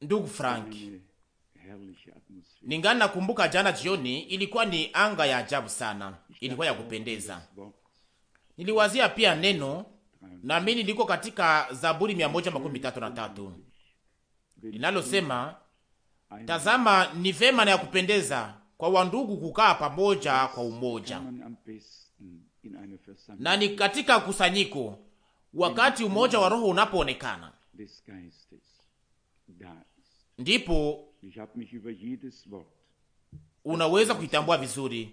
Ndugu Frank, na nakumbuka jana jioni, ilikuwa ni anga ya ajabu sana, ilikuwa ya kupendeza. Niliwazia pia neno nami niliko katika Zaburi mia moja makumi tatu na tatu linalosema, tazama ni vema na ya kupendeza kwa wandugu kukaa pamoja kwa umoja, na ni katika kusanyiko Wakati umoja wa roho unapoonekana, ndipo unaweza kuitambua vizuri.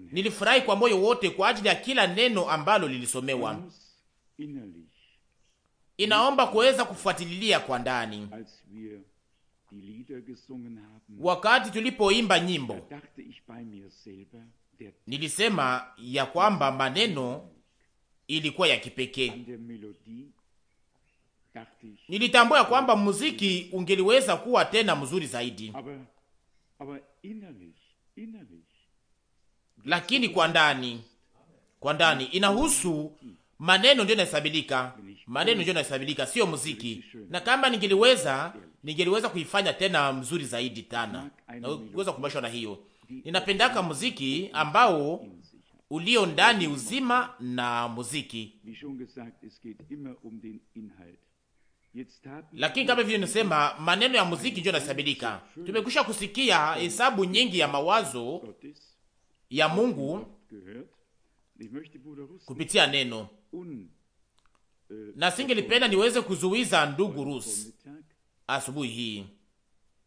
Nilifurahi kwa moyo wote kwa ajili ya kila neno ambalo lilisomewa. Inaomba kuweza kufuatililia kwa ndani. Wakati tulipoimba nyimbo, nilisema ya kwamba maneno ilikuwa ya kipekee. Nilitambua kwamba muziki ungeliweza kuwa tena mzuri zaidi, lakini kwa ndani, kwa ndani inahusu maneno ndio inahesabilika, maneno ndio inahesabilika, sio muziki. Na kama ningeliweza, ningeliweza kuifanya tena mzuri zaidi tana, naweza kuboresha na hiyo. Ninapendaka muziki ambao ulio ndani uzima na muziki. Um Lakini kama vile nasema, maneno ya muziki ndio yanasabilika. Tumekwisha kusikia hesabu nyingi ya mawazo ya Mungu kupitia neno, äh, na singelipenda niweze kuzuiza ndugu Rus asubuhi hii.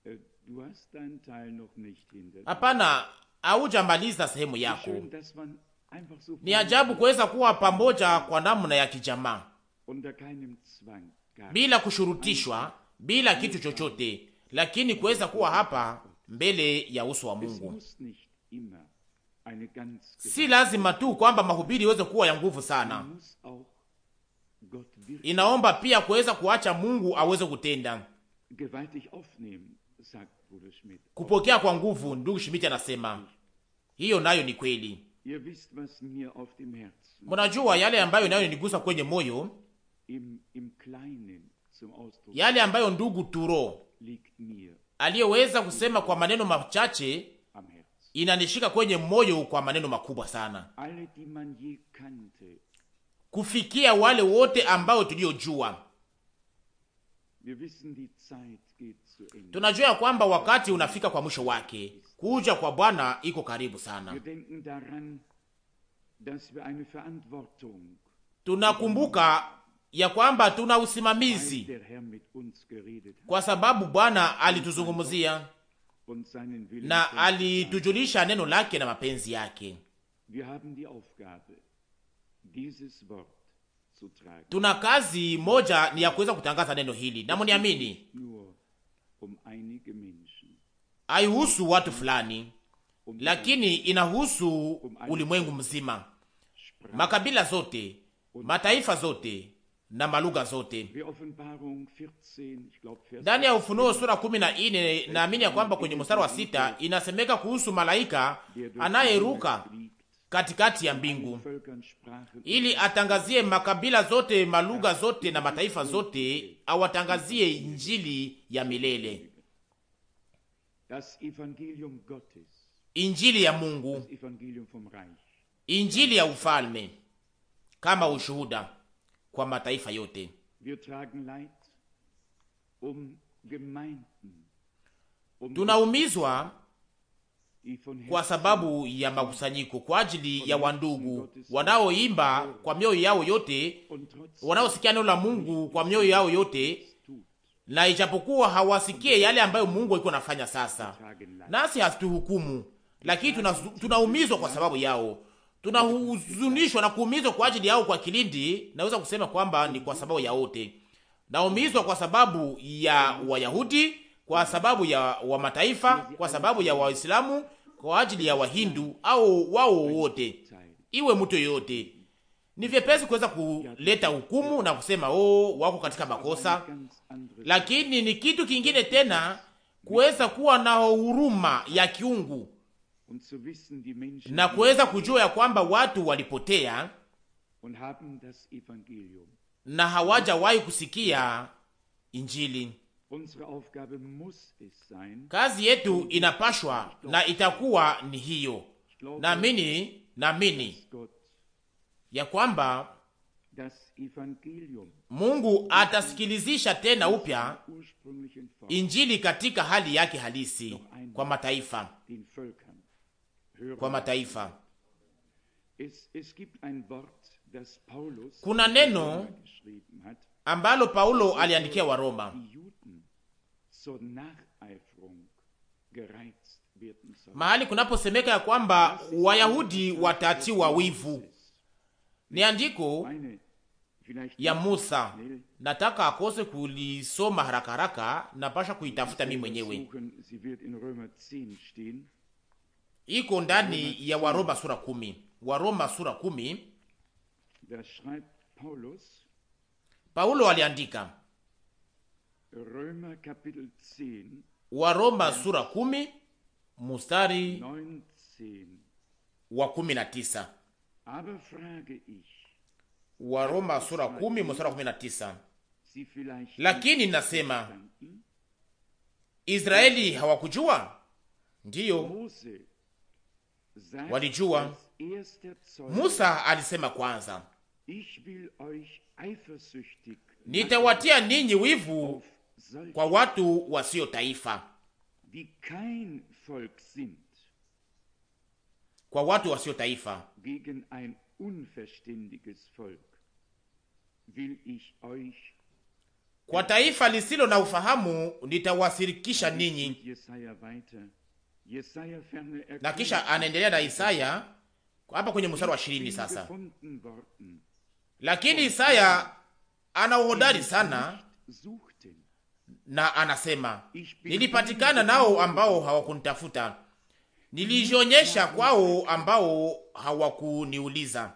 Äh, Hapana, haujamaliza sehemu yako. Ni ajabu kuweza kuwa pamoja kwa namna ya kijamaa bila kushurutishwa, bila kitu chochote, lakini kuweza kuwa hapa mbele ya uso wa Mungu. Si lazima tu kwamba mahubiri iweze kuwa ya nguvu sana, inaomba pia kuweza kuacha Mungu aweze kutenda, kupokea kwa nguvu. Ndugu Schmidt anasema hiyo nayo ni kweli. Munajua yale ambayo nayo niligusa kwenye moyo, yale ambayo ndugu Turo aliyeweza kusema kwa maneno machache inanishika kwenye moyo kwa maneno makubwa sana, kufikia wale wote ambao tuliojua. Tunajua kwamba wakati unafika kwa mwisho wake, kuja kwa Bwana iko karibu sana. Tunakumbuka ya kwamba tuna usimamizi, kwa sababu Bwana alituzungumzia na alitujulisha neno lake na mapenzi yake. Tuna kazi moja ni ya kuweza kutangaza neno hili, na mniamini haihusu watu fulani, um- lakini inahusu um- ulimwengu mzima, makabila zote, mataifa zote na malugha zote. Ndani ya Ufunuo sura kumi na nne naamini ya kwamba kwenye mstari wa sita inasemeka kuhusu malaika anayeruka katikati ya mbingu ili atangazie makabila zote, malugha zote na mataifa zote, awatangazie injili ya milele. Injili ya Mungu, Injili ya ufalme kama ushuhuda kwa mataifa yote. Um um tunaumizwa kwa sababu ya makusanyiko, kwa ajili ya wandugu wanaoimba kwa mioyo yao yote, wanaosikia neno la Mungu kwa mioyo yao yote na ijapokuwa hawasikie yale ambayo Mungu alikuwa anafanya sasa, nasi hatuhukumu, lakini tunaumizwa kwa sababu yao, tunahuzunishwa na kuumizwa kwa ajili yao. Kwa kilindi, naweza kusema kwamba ni kwa sababu ya wote. Naumizwa kwa sababu ya Wayahudi, kwa sababu ya wa mataifa, kwa sababu ya Waislamu, kwa ajili ya Wahindu au wao wote, iwe mtu yoyote ni vyepesi kuweza kuleta hukumu na kusema oh, wako katika makosa, lakini ni kitu kingine tena kuweza kuwa na huruma ya kiungu na kuweza kujua ya kwamba watu walipotea na hawajawahi kusikia Injili. Kazi yetu inapashwa na itakuwa ni hiyo, naamini naamini ya kwamba Mungu atasikilizisha tena upya Injili katika hali yake halisi kwa mataifa, kwa mataifa. Kuna neno ambalo Paulo aliandikia Roma mahali kunaposemeka ya kwamba Wayahudi watatiwa wivu ni andiko ya Musa, nataka akose kulisoma haraka haraka, napasha kuitafuta mimi mwenyewe. Iko ndani ya Waroma sura kumi, Waroma sura kumi. Paulo aliandika Waroma sura kumi mustari wa kumi na tisa Waroma sura kumi mstari kumi na tisa. Lakini nasema Israeli hawakujua? Ndiyo, walijua. Musa alisema kwanza, nitawatia ninyi wivu kwa watu wasio taifa kwa watu wasio taifa. Kwa taifa lisilo na ufahamu nitawasirikisha ninyi. Na kisha anaendelea na Isaya hapa kwenye mstari wa ishirini sasa. Lakini Isaya ana uhodari sana na anasema, nilipatikana nao ambao hawakunitafuta nilijionyesha kwao ambao hawakuniuliza.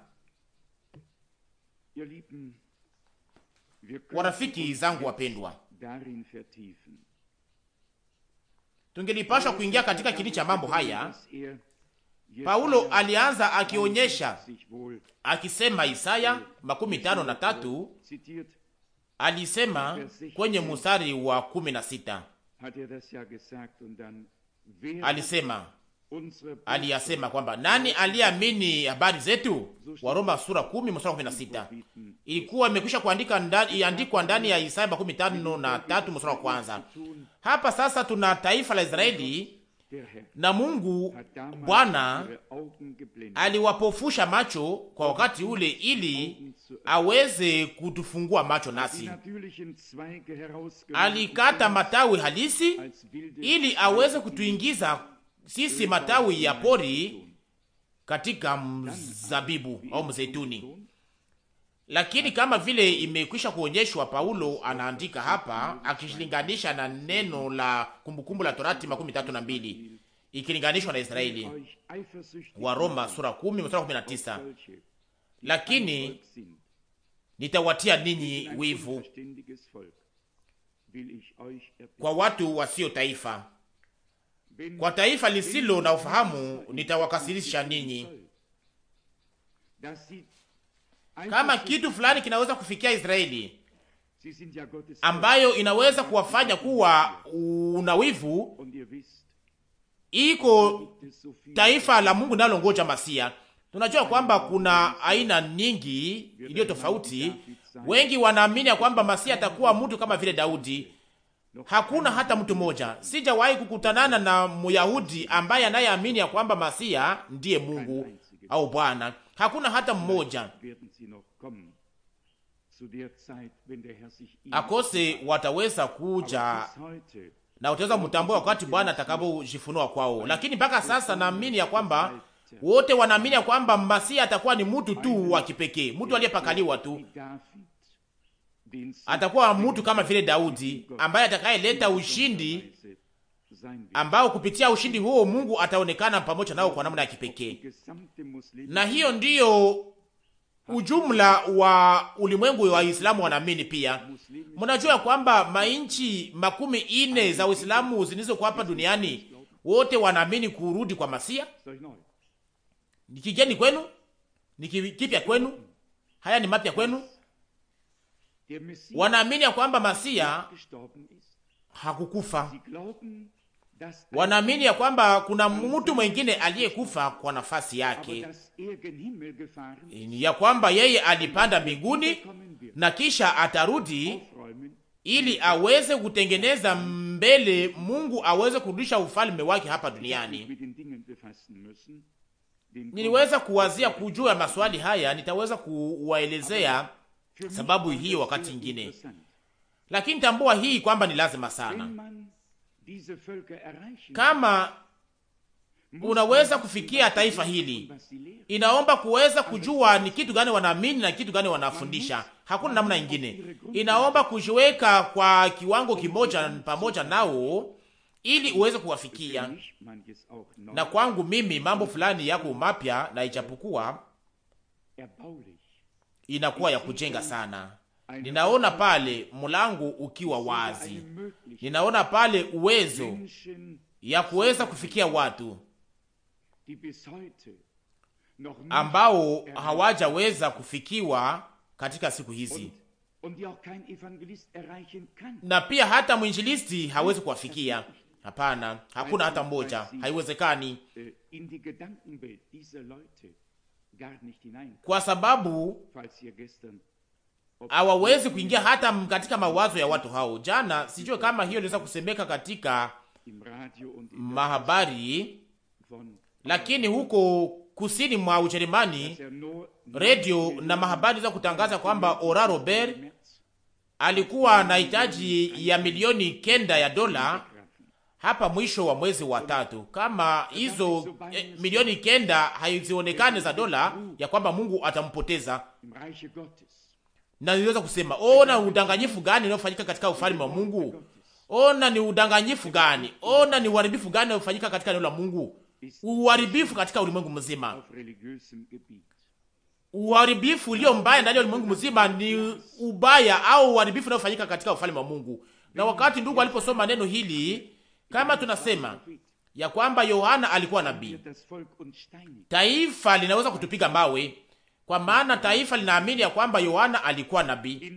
Warafiki zangu wapendwa, tungelipashwa kuingia katika kili cha mambo haya. Paulo alianza akionyesha akisema Isaya makumi tano na tatu alisema kwenye mstari wa kumi na sita alisema aliyasema kwamba nani aliyeamini habari zetu, Waroma sura kumi mstari sita. Ilikuwa imekwisha kuandika ndani ndani ya Isaya tano na tatu mstari wa kwanza. Hapa sasa tuna taifa la Israeli na Mungu Bwana aliwapofusha macho kwa wakati ule, ili aweze kutufungua macho nasi. Alikata matawi halisi ili aweze kutuingiza sisi matawi ya pori katika mzabibu au mzeituni. Lakini kama vile imekwisha kuonyeshwa, Paulo anaandika hapa akishilinganisha na neno la Kumbukumbu la Torati makumi tatu na mbili ikilinganishwa na Israeli wa Roma sura kumi mstari kumi na tisa lakini nitawatia ninyi wivu kwa watu wasio taifa kwa taifa lisilo na ufahamu nitawakasirisha ninyi. Kama kitu fulani kinaweza kufikia Israeli ambayo inaweza kuwafanya kuwa unawivu, iko taifa la Mungu linalongoja Masia. Tunajua kwamba kuna aina nyingi iliyo tofauti. Wengi wanaamini ya kwamba Masia atakuwa mtu kama vile Daudi Hakuna hata mtu mmoja, sijawahi kukutanana na Myahudi ambaye anayeamini ya kwamba Masia ndiye Mungu au Bwana. Hakuna hata mmoja akose, wataweza kuja na utaweza mtambua wakati Bwana atakapojifunua kwao. Lakini mpaka sasa naamini ya kwamba wote wanaamini ya kwamba Masia atakuwa ni mtu tu wa kipekee, mtu aliyepakaliwa tu atakuwa mtu kama vile Daudi ambaye atakayeleta ushindi ambao kupitia ushindi huo Mungu ataonekana pamoja nao kwa namna ya kipekee. Na hiyo ndiyo ujumla wa ulimwengu wa Uislamu wanaamini pia. Mnajua kwamba mainchi makumi ine za Uislamu zilizokuwa hapa duniani wote wanaamini kurudi kwa Masia. Ni kigeni kwenu? Ni kipya kwenu? Haya ni mapya kwenu? Wanaamini ya kwamba Masia hakukufa, wanaamini ya kwamba kuna mtu mwengine aliyekufa kwa nafasi yake, er ya kwamba yeye alipanda er mbinguni na kisha atarudi ili aweze kutengeneza mbele, Mungu aweze kurudisha ufalme wake hapa duniani. Niliweza kuwazia kujua maswali haya, nitaweza kuwaelezea sababu hiyo wakati ingine, lakini tambua hii kwamba ni lazima sana. Kama unaweza kufikia taifa hili, inaomba kuweza kujua ni kitu gani wanaamini na kitu gani wanafundisha. Hakuna namna ingine, inaomba kujiweka kwa kiwango kimoja pamoja nao ili uweze kuwafikia. Na kwangu mimi mambo fulani yako mapya na ijapokuwa inakuwa ya kujenga sana. Ninaona pale mlango ukiwa wazi, ninaona pale uwezo ya kuweza kufikia watu ambao hawajaweza kufikiwa katika siku hizi, na pia hata mwinjilisti hawezi kuwafikia. Hapana, hakuna hata mmoja, haiwezekani kwa sababu hawawezi kuingia hata katika mawazo ya watu hao. Jana sijue kama hiyo inaweza kusemeka katika mahabari, lakini huko kusini mwa Ujerumani redio er na mahabari za kutangaza kwamba Ora Robert alikuwa na hitaji ya milioni kenda ya dola hapa mwisho wa mwezi wa tatu. Kama hizo eh, milioni kenda hazionekane za dola, ya kwamba Mungu atampoteza na niweza kusema ona, udanganyifu gani unaofanyika katika ufalme wa Mungu! Ona ni udanganyifu gani, ona ni uharibifu gani unaofanyika katika neno la Mungu, uharibifu katika ulimwengu mzima, uharibifu ulio mbaya ndani ya ulimwengu mzima ni ubaya au uharibifu unaofanyika katika ufalme wa Mungu. Na wakati ndugu aliposoma neno hili kama tunasema ya kwamba Yohana alikuwa nabii, taifa linaweza kutupiga mawe, kwa maana taifa linaamini ya kwamba Yohana alikuwa nabii.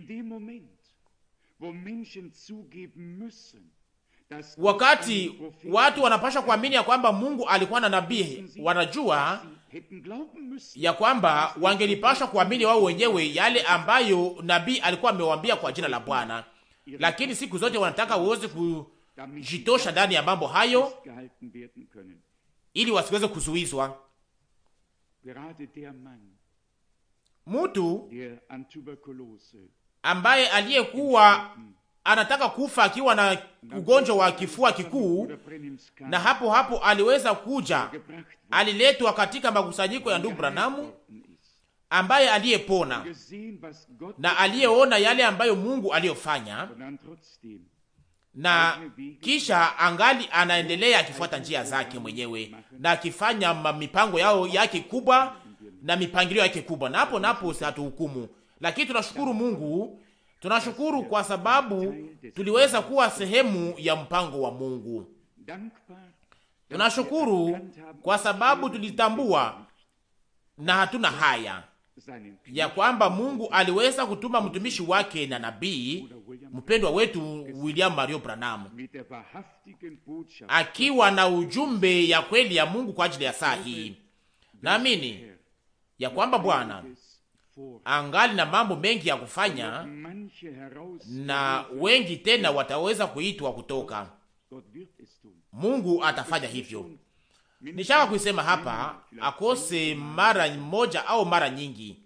Wakati watu wanapasha kuamini ya kwamba Mungu alikuwa na nabii, wanajua ya kwamba wangelipashwa kuamini wao wenyewe yale ambayo nabii alikuwa amewambia kwa jina la Bwana, lakini siku zote wanataka uweze ku jitosha ndani ya mambo hayo ili wasiweze kuzuizwa. Mtu ambaye aliyekuwa anataka kufa akiwa na ugonjwa wa kifua kikuu, na hapo hapo aliweza kuja, aliletwa katika makusanyiko ya ndugu Branamu, ambaye aliyepona na aliyeona yale ambayo Mungu aliyofanya na kisha angali anaendelea akifuata njia zake mwenyewe na akifanya mipango yao yake kubwa na mipangilio yake kubwa, na hapo napo si hatuhukumu. Lakini tunashukuru Mungu, tunashukuru kwa sababu tuliweza kuwa sehemu ya mpango wa Mungu. Tunashukuru kwa sababu tulitambua na hatuna haya ya kwamba Mungu aliweza kutuma mtumishi wake na nabii mpendwa wetu William Mario Branham akiwa na ujumbe ya kweli ya Mungu kwa ajili ya saa hii. Naamini ya kwamba Bwana angali na mambo mengi ya kufanya na wengi tena wataweza kuitwa kutoka. Mungu atafanya hivyo, Nishaka kuisema hapa akose mara moja au mara nyingi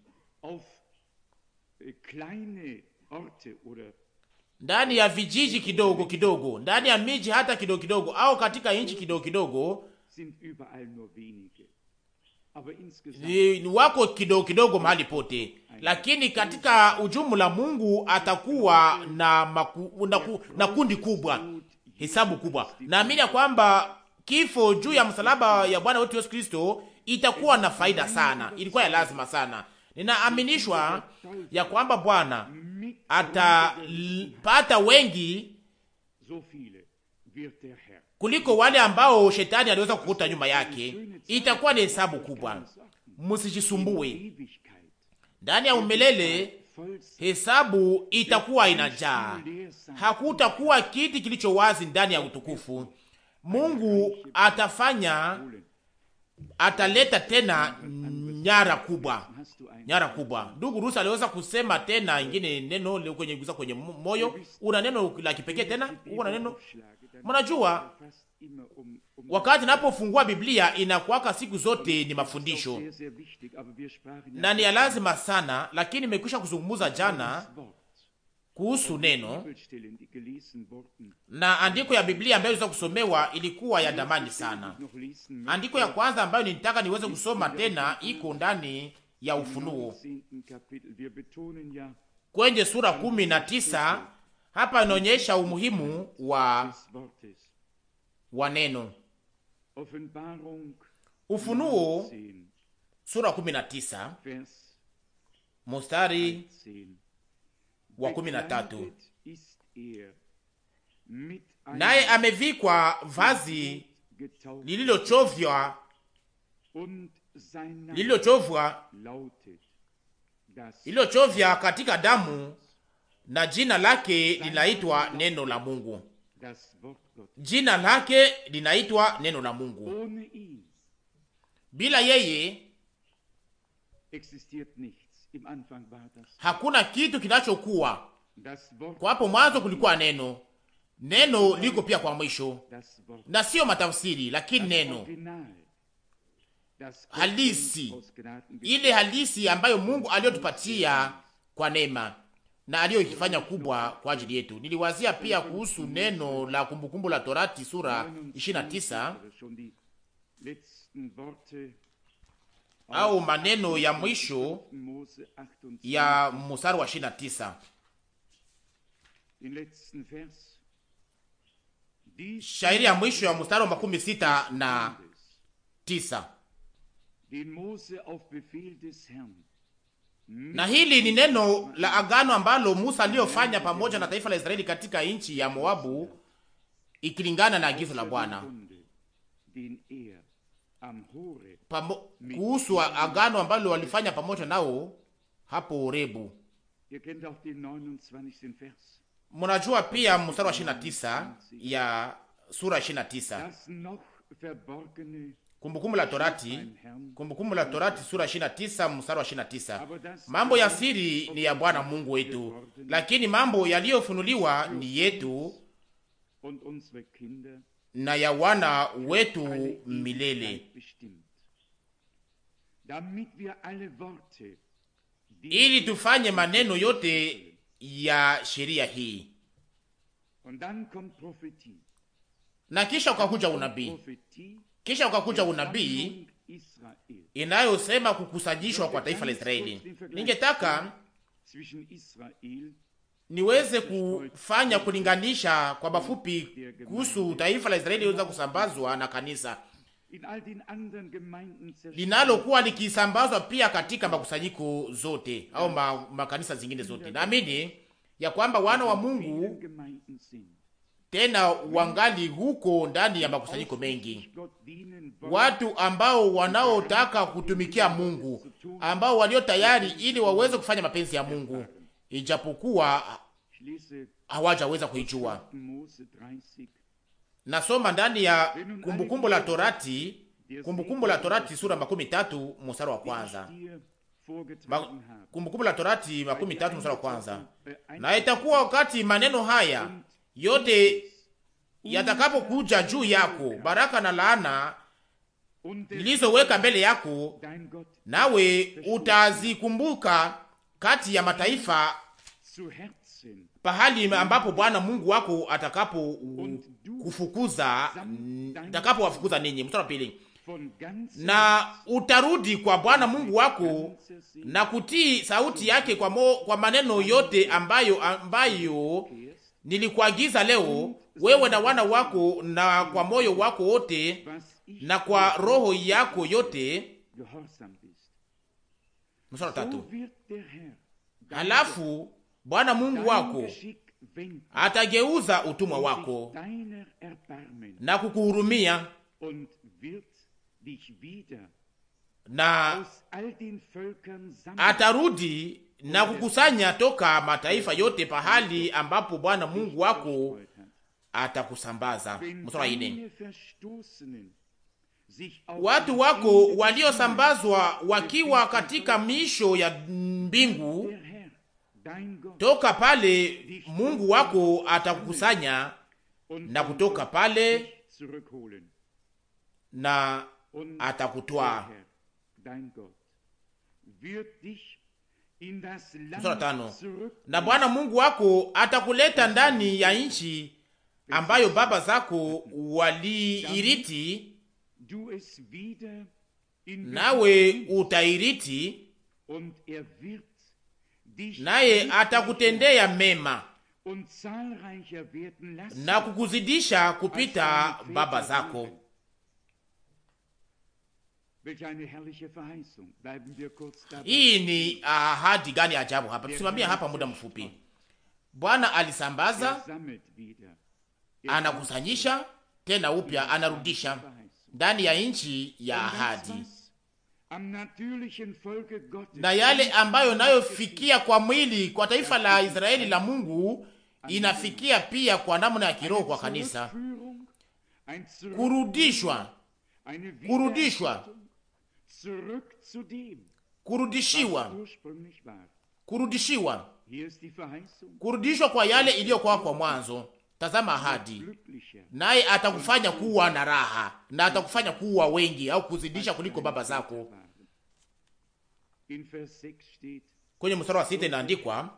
ndani ya vijiji kidogo kidogo, ndani ya miji hata kidogo kidogo, au katika nchi kidogo kidogo, ni wako kidogo kidogo mahali pote, lakini katika ujumla Mungu atakuwa na, maku, na, ku, na kundi kubwa, hesabu kubwa. Naamini ya kwamba kifo juu ya msalaba ya Bwana wetu Yesu Kristo itakuwa na faida sana, ilikuwa ya lazima sana. Ninaaminishwa ya kwamba Bwana atapata wengi kuliko wale ambao shetani aliweza kukuta nyuma yake. Itakuwa ni hesabu kubwa, msijisumbue. ndani ya umelele. Hesabu itakuwa inajaa, hakutakuwa kiti kilicho wazi ndani ya utukufu. Mungu atafanya, ataleta tena nyara kubwa, nyara kubwa. Ndugu Rusi aliweza kusema tena ingine neno leo kwenye guza kwenye moyo, una neno la kipekee tena, una neno. Mnajua wakati napofungua Biblia inakuwaka siku zote ni mafundisho na ni ya lazima sana, lakini nimekwisha kuzungumza jana kuhusu neno na andiko ya Biblia ambayo iliweza kusomewa ilikuwa ya damani sana. Andiko ya kwanza ambayo nilitaka niweze kusoma tena iko ndani ya Ufunuo kwenye sura kumi na tisa. Hapa inaonyesha umuhimu wa, wa neno. Ufunuo sura kumi na tisa mustari wa kumi na tatu. Naye amevikwa vazi lililochovya lililochovwa lililochovya katika damu, na jina lake linaitwa neno la Mungu. Jina lake linaitwa neno la Mungu. Bila yeye Hakuna kitu kinachokuwa kwa hapo mwanzo, kulikuwa neno, neno liko pia kwa mwisho, na sio matafsiri, lakini neno halisi, ile halisi ambayo Mungu aliyotupatia kwa neema na aliyoifanya kubwa kwa ajili yetu. Niliwazia pia kuhusu neno la kumbukumbu la Torati sura 29 au maneno ya mwisho ya mstari wa tisa shairi ya mwisho ya mstari wa makumi sita na tisa. Na hili ni neno la agano ambalo Musa aliyofanya pamoja na taifa la Israeli katika nchi ya Moabu ikilingana na agizo la Bwana pamo, kuhusu agano ambalo walifanya pamoja nao hapo Urebu. Mnajua pia mstari wa 29 ya sura 29 Kumbukumbu la Torati, Kumbukumbu la Torati sura 29 mstari wa 29, mambo ya siri ni ya Bwana Mungu wetu, lakini mambo yaliyofunuliwa ni yetu na ya wana wetu milele ili tufanye maneno yote ya sheria hii. Na kisha ukakuja unabii, kisha ukakuja unabii inayosema kukusanyishwa kwa taifa la Israeli. Ningetaka niweze kufanya kulinganisha kwa mafupi kuhusu taifa la Israeli iliweza kusambazwa na kanisa linalokuwa likisambazwa pia katika makusanyiko zote au ma, makanisa zingine zote. Naamini ya kwamba wana wa Mungu tena wangali huko ndani ya makusanyiko mengi, watu ambao wanaotaka kutumikia Mungu, ambao walio tayari ili waweze kufanya mapenzi ya Mungu, ijapokuwa hawajaweza kuijua. Nasoma ndani ya kumbukumbu kumbu la Torati, kumbukumbu kumbu la Torati sura makumi tatu mstari wa kwanza. Kumbukumbu la Torati makumi tatu mstari wa kwanza. Na itakuwa wakati maneno haya yote yatakapokuja juu yako, baraka na laana nilizoweka mbele yako, nawe utazikumbuka kati ya mataifa pahali ambapo Bwana Mungu wako atakapo kufukuza atakapo wafukuza ninyi. Mstari wa pili, na utarudi kwa Bwana Mungu wako na kutii sauti yake kwa, mo, kwa maneno yote ambayo ambayo nilikuagiza leo wewe na wana wako na kwa moyo wako wote na kwa roho yako yote. Mstari wa tatu, Bwana Mungu wako atageuza utumwa wako na kukuhurumia na atarudi na er kukusanya toka mataifa yote pahali ambapo Bwana Mungu wako atakusambaza. watu wako waliosambazwa wakiwa katika miisho ya mbingu toka pale Mungu wako atakukusanya na kutoka pale na atakutwaa. Na Bwana Mungu wako atakuleta ndani ya nchi ambayo baba zako waliiriti, nawe utairiti naye atakutendea mema na kukuzidisha kupita baba zako. Hii ni ahadi gani ajabu! Hapa tusimamia hapa muda mfupi. Bwana alisambaza, er er anakusanyisha tena upya, anarudisha ndani ya nchi ya ahadi na yale ambayo nayofikia kwa mwili kwa taifa la Israeli la Mungu inafikia pia kwa namna ya kiroho kwa kanisa, kurudishwa, kurudishwa, kurudishiwa, kurudishiwa, kurudishwa kwa yale iliyokuwa kwa mwanzo. Tazama ahadi, naye atakufanya kuwa na raha na atakufanya kuwa wengi au kuzidisha kuliko baba zako. Kwenye mstari wa sita inaandikwa,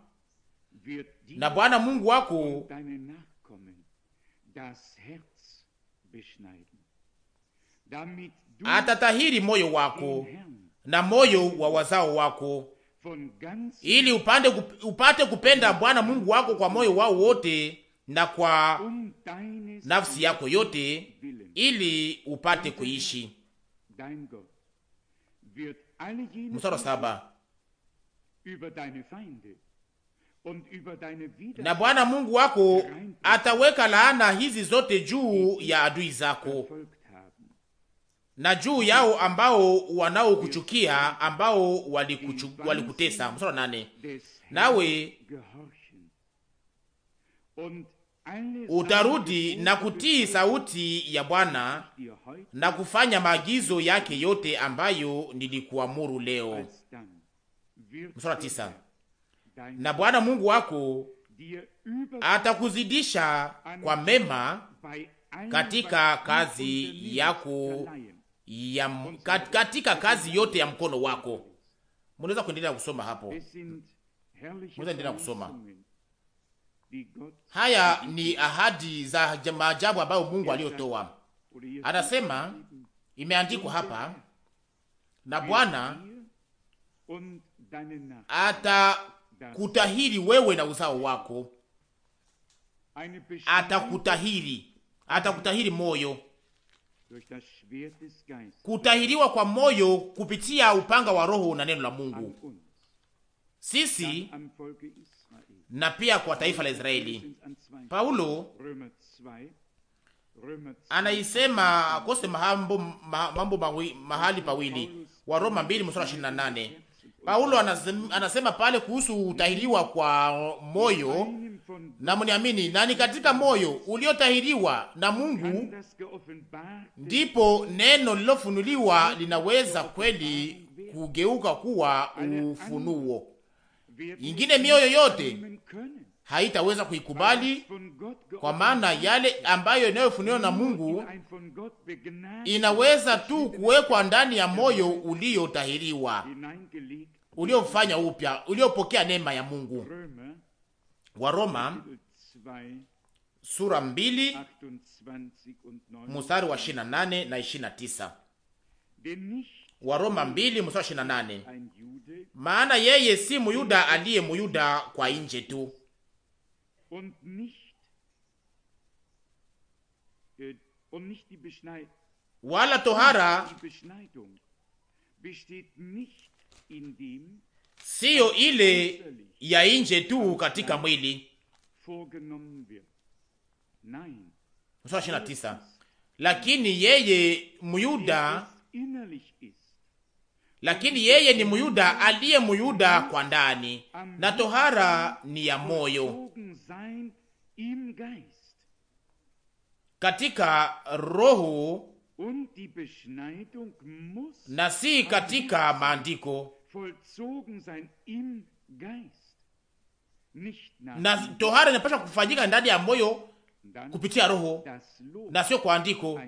na Bwana Mungu wako atatahiri moyo wako na moyo wa wazao wako, ili upande upate kupenda Bwana Mungu wako kwa moyo wao wote na kwa nafsi yako yote, ili upate kuishi. Mstari saba na Bwana Mungu wako ataweka laana hizi zote juu ya adui zako na juu yao ambao wanaokuchukia ambao walikutesa. Mstari nane nawe utarudi na kutii sauti ya Bwana na kufanya maagizo yake yote ambayo nilikuamuru leo. Mstari tisa. Na Bwana Mungu wako atakuzidisha kwa mema katika kazi yako ya, katika kazi yote ya mkono wako. Mnaweza kuendelea kusoma hapo, mnaweza kuendelea kusoma. Haya ni ahadi za maajabu ambayo Mungu aliyotoa. Anasema imeandikwa hapa, na Bwana atakutahiri wewe na uzao wako, atakutahiri, atakutahiri moyo. Kutahiriwa kwa moyo kupitia upanga wa Roho na neno la Mungu. Sisi na pia kwa taifa la Israeli. Paulo anaisema kose mambo mambo mahali pawili wa Roma 2 mstari 28. Paulo anasema, anasema pale kuhusu utahiriwa kwa moyo na mniamini, na ni katika moyo uliotahiriwa na Mungu ndipo neno lilofunuliwa linaweza kweli kugeuka kuwa ufunuo. Ingine mioyo yote haitaweza kuikubali, kwa maana yale ambayo inayofunuliwa na Mungu inaweza tu kuwekwa ndani ya moyo uliotahiriwa, uliofanya upya, uliopokea neema ya Mungu. Waroma sura mbili mstari wa 28 na 29. Waroma 2 mstari wa 28 maana yeye si Muyuda aliye Muyuda kwa nje tu, wala tohara siyo ile ya nje tu katika mwili. Lakini yeye Myuda lakini yeye ni Myuda aliye Myuda kwa ndani, na tohara ni ya moyo katika roho na si katika maandiko. Na tohara inapasha kufanyika ndani ya moyo kupitia roho na sio kwa andiko,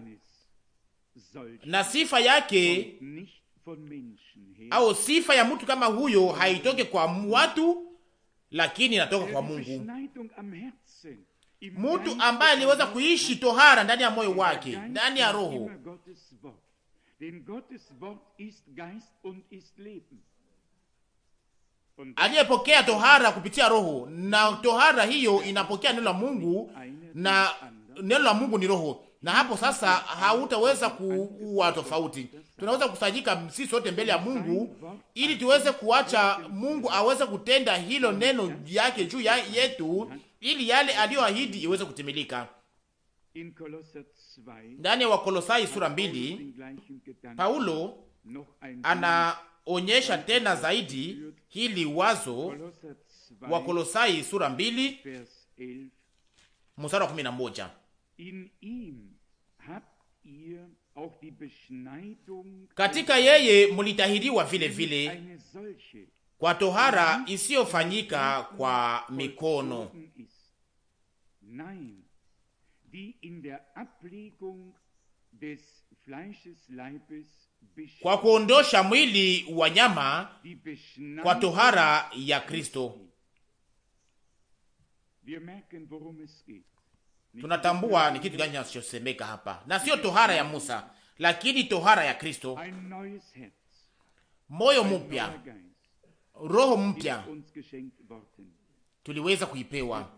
na sifa yake au sifa ya mtu kama huyo haitoke kwa watu, lakini inatoka kwa Mungu. Mtu ambaye aliweza kuishi tohara ndani ya moyo wake, ndani ya roho aliyepokea tohara kupitia roho, na tohara hiyo inapokea neno la Mungu, na neno la Mungu ni roho na hapo sasa hautaweza kuwa tofauti. Tunaweza kusanyika sisi sote mbele ya Mungu ili tuweze kuacha Mungu aweze kutenda hilo neno yake juu ya yetu, ili yale aliyoahidi iweze kutimilika. Ndani ya Wakolosai sura mbili, Paulo anaonyesha tena zaidi hili wazo. Wakolosai sura mbili mstari wa kumi na moja katika yeye mulitahiriwa vile vile kwa tohara hm? isiyofanyika kwa mikono kwa kuondosha mwili wa nyama kwa tohara ya Kristo tunatambua ni kitu gani kinachosemeka hapa, na sio tohara ya Musa, lakini tohara ya Kristo, moyo mpya, roho mpya tuliweza kuipewa,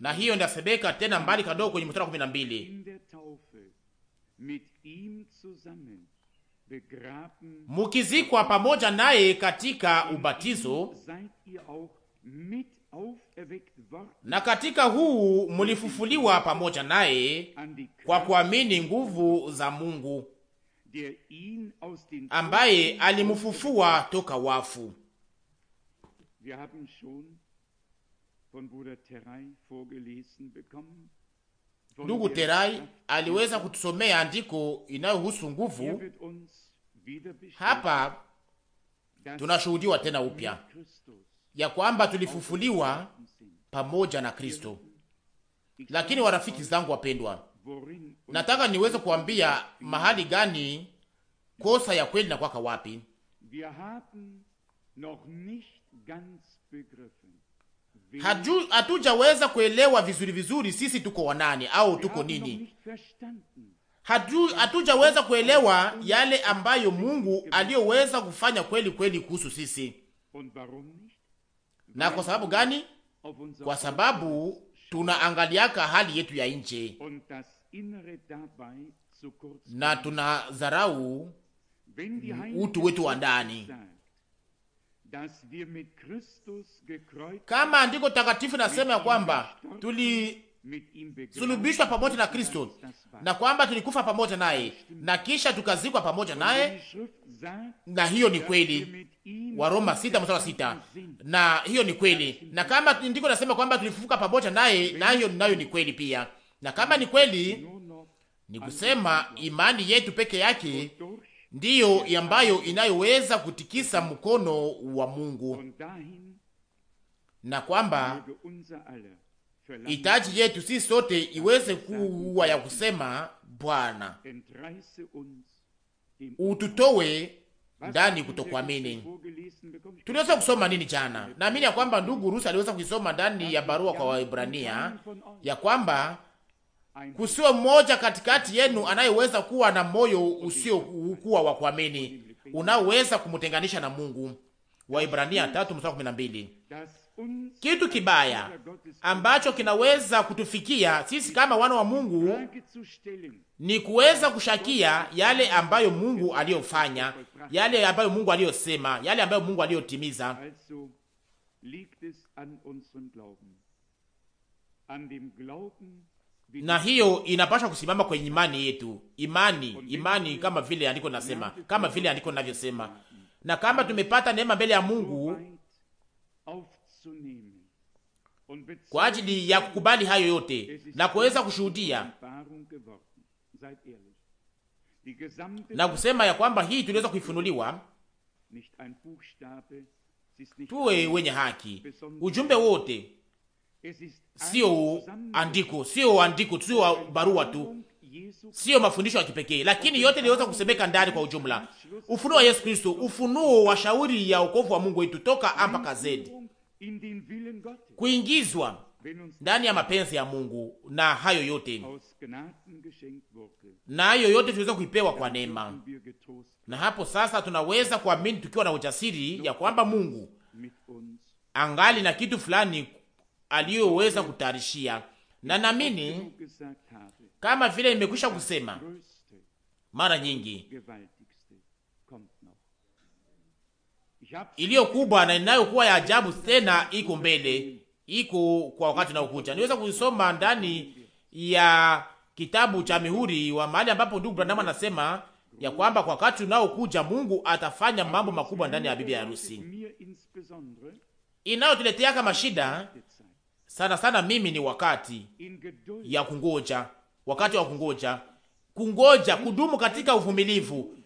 na hiyo ndasemeka tena mbali kadogo kwenye mstari wa kumi na mbili mukizikwa pamoja naye katika ubatizo na katika huu mlifufuliwa pamoja naye kwa kuamini nguvu za Mungu ambaye alimfufua toka wafu. Ndugu Terai aliweza kutusomea andiko inayohusu nguvu. Er Hapa tunashuhudiwa tena upya ya kwamba tulifufuliwa pamoja na Kristo. Lakini warafiki zangu wapendwa, nataka niweze kuambia mahali gani kosa ya kweli na kwaka wapi. Hatujaweza kuelewa vizuri vizuri sisi tuko wanani au tuko nini. Hatujaweza kuelewa yale ambayo Mungu aliyoweza kufanya kweli kweli kuhusu sisi. Na kwa sababu gani? Kwa sababu tunaangaliaka hali yetu ya nje na tunadharau utu wetu wa ndani. Kama andiko takatifu nasema ya kwamba tuli sulubishwa pamoja na Kristo na kwamba tulikufa pamoja naye na kisha tukazikwa pamoja naye, na hiyo ni kweli. Waroma sita mstari sita. Na hiyo ni kweli, na kama ndiko nasema kwamba tulifufuka pamoja naye, na hiyo nayo ni kweli pia. Na kama ni kweli, ni kusema imani yetu peke yake ndiyo ambayo inayoweza kutikisa mkono wa Mungu na kwamba itaji yetu si sote iweze kuwa ya kusema Bwana, ututowe ndani kutokuamini. Tuliweza kusoma nini jana? Naamini ya kwamba ndugu Rusi aliweza kuisoma ndani ya barua kwa Waebrania ya kwamba kusiwe mmoja katikati yenu anayeweza kuwa na moyo kuwa wa kuamini unaoweza kumtenganisha na Mungu. Waebrania 3:12 kitu kibaya ambacho kinaweza kutufikia sisi kama wana wa Mungu ni kuweza kushakia yale ambayo Mungu aliyofanya, yale ambayo Mungu aliyosema, yale ambayo Mungu aliyotimiza. Na hiyo inapaswa kusimama kwenye imani yetu, imani imani, kama vile andiko nasema, kama vile andiko navyosema, na kama tumepata neema mbele ya Mungu kwa ajili ya kukubali hayo yote na kuweza kushuhudia na kusema ya kwamba hii tuliweza kuifunuliwa. Tuwe wenye haki. Ujumbe wote sio andiko, sio andiko, sio barua tu, sio mafundisho ya kipekee, lakini yote iliweza kusemeka ndani kwa ujumla, ufunuo wa Yesu Kristo, ufunuo wa shauri ya wokovu wa Mungu wetu toka A mpaka kuingizwa ndani ya mapenzi ya Mungu, na hayo yote na hayo yote tuweza kuipewa kwa neema, na hapo sasa tunaweza kuamini tukiwa na ujasiri ya kwamba Mungu angali na kitu fulani aliyoweza kutayarishia, na naamini kama vile nimekwisha kusema mara nyingi iliyo kubwa na inayokuwa ya ajabu tena iko mbele, iko kwa wakati ukucha. Niweza kusoma ndani ya kitabu cha mihuri wa mahali ambapo ndugu Branham anasema ya kwamba kwa wakati unaokuja Mungu atafanya mambo makubwa ndani ya bibi harusi inayotuletea kama shida sana sana. Mimi ni wakati ya kungoja, wakati wa kungoja, kungoja, kudumu katika uvumilivu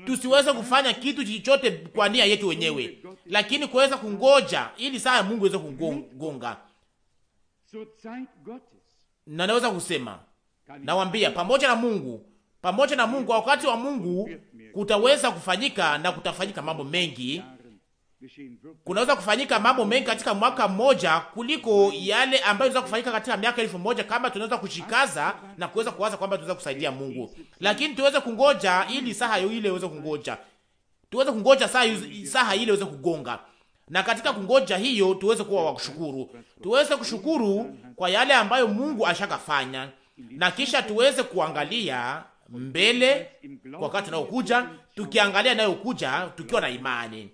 tusiweze kufanya kitu chochote kwa nia yetu wenyewe, lakini kuweza kungoja ili saa ya Mungu iweze kugonga. Na naweza kusema nawambia, pamoja na Mungu, pamoja na Mungu, wakati wa Mungu kutaweza kufanyika na kutafanyika mambo mengi kunaweza kufanyika mambo mengi katika mwaka mmoja kuliko yale ambayo inaweza kufanyika katika miaka elfu moja kama tunaweza kushikaza na kuweza kuwaza kwamba tunaweza kusaidia Mungu, lakini tuweze kungoja ili saha ile iweze kungoja, tuweze kungoja saha, saha ile iweze kugonga, na katika kungoja hiyo tuweze kuwa wakushukuru, tuweze kushukuru kwa yale ambayo Mungu ashakafanya, na kisha tuweze kuangalia mbele kwa wakati unaokuja, tukiangalia nayokuja tukiwa na imani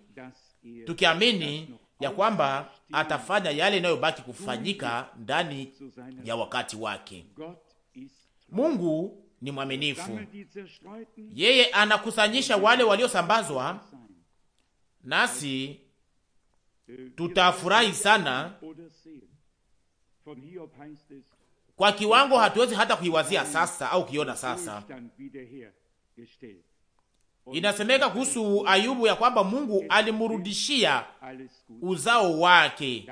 tukiamini ya kwamba atafanya yale inayobaki kufanyika ndani ya wakati wake. Mungu ni mwaminifu, yeye anakusanyisha wale waliosambazwa, nasi tutafurahi sana kwa kiwango hatuwezi hata kuiwazia sasa au kuiona sasa. Inasemeka kuhusu Ayubu ya kwamba Mungu alimrudishia uzao wake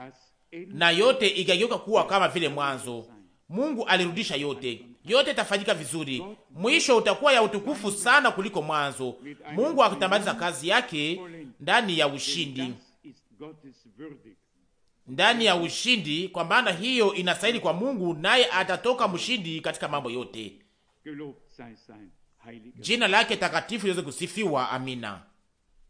na yote ikageuka kuwa kama vile mwanzo. Mungu alirudisha yote, yote itafanyika vizuri, mwisho utakuwa ya utukufu sana kuliko mwanzo. Mungu akitambaliza kazi yake ndani ya ushindi, ndani ya ushindi, kwa maana hiyo inastahili kwa Mungu, naye atatoka mshindi katika mambo yote jina lake takatifu liweze kusifiwa. Amina.